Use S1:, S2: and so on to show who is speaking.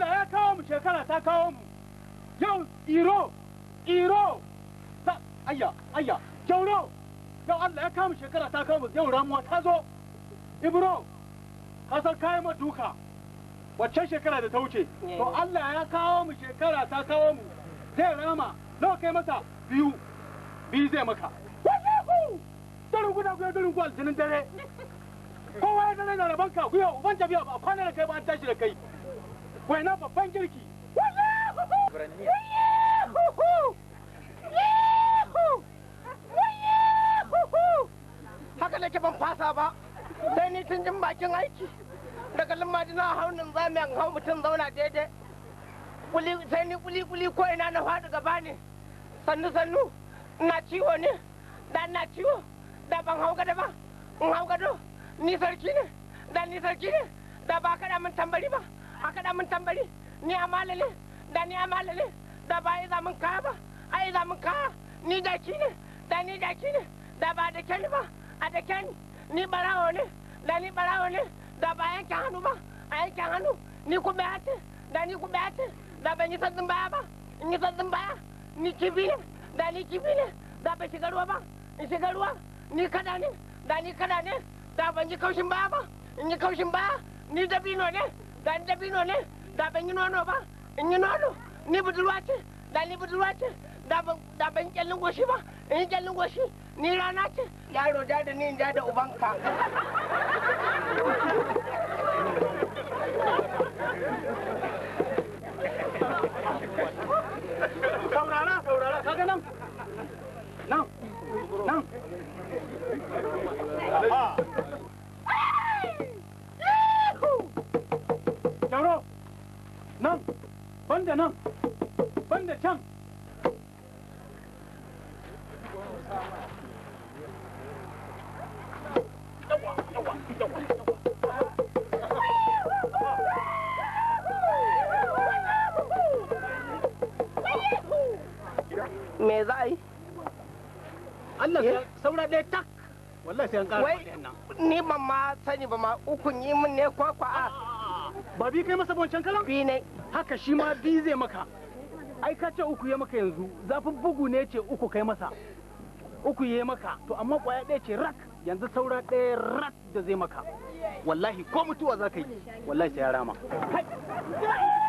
S1: Allah ya kawo mu shekara ta kawo mu yau iro iro ayya ayya jauro yau Allah ya kawo mu shekara ta kawo mu yau ramuwa ta zo ibro kasar kayan maduka wacce shekara da ta wuce to Allah ya kawo mu shekara ta kawo mu zai rama nawa kai masa biyu biyu zai maka darin guda guda dare kowa ya dare na rabanka guya uban jabiya ba kwanar da kai ba an tashi da kai Wena babban girki
S2: haka nake ban fasa ba sai ni tun jin bakin aiki daga limadina haunin zamiyan hau mutum zauna daidai sai ni kuli kuli ko ina na faɗi gaba ne sannu sannu ina ciwo ne da ina ciwo da ban hau gado ba in hau gado ni sarki ne da ni sarki ne da ba kaɗa min tambari ba haka da mun tambari ni amalale da ni amalale da ba za mun kaya ba a za mun kaya ni da ki ne da ni da ki ne da ba da ke ni ba a da ke ni barawo ne da ni barawo ne da ba yanke hannu ba a yanke hannu ni ku baya ce da ni ku baya ce da ba ni sassin baya ba ni yi baya ni kifi ne da ni kifi ne da ba shiga ruwa ba in shiga ruwa ni kada ne da ni kada ne da ban yi kaushin baya ba in yi kaushin baya ni dabino ne da dabino ne da ban yi nono ba in yi nono ni budurwa ce da ni budurwa ce da ban kyallin goshi ba in yi kyallin goshi ni rana ce yaro da da ni da da ubanka
S1: saurara saurara kaga nan nan nan nan banda nan banda can
S2: me za a yi Allah eh? saura ɗaya tak wallahi sai an ƙara nan ni ban ma sani ba ma ukun yi min ne kwakwa a ba bi kai masa boncan kalan bi ne haka shi ma biyu zai maka ai ka ce
S1: uku ya maka yanzu zafin bugu ne ce uku kai masa uku ya maka to amma kwaya ɗaya ce rak yanzu saura ɗaya rak da zai maka
S2: wallahi ko mutuwa za ka yi wallahi sai ya rama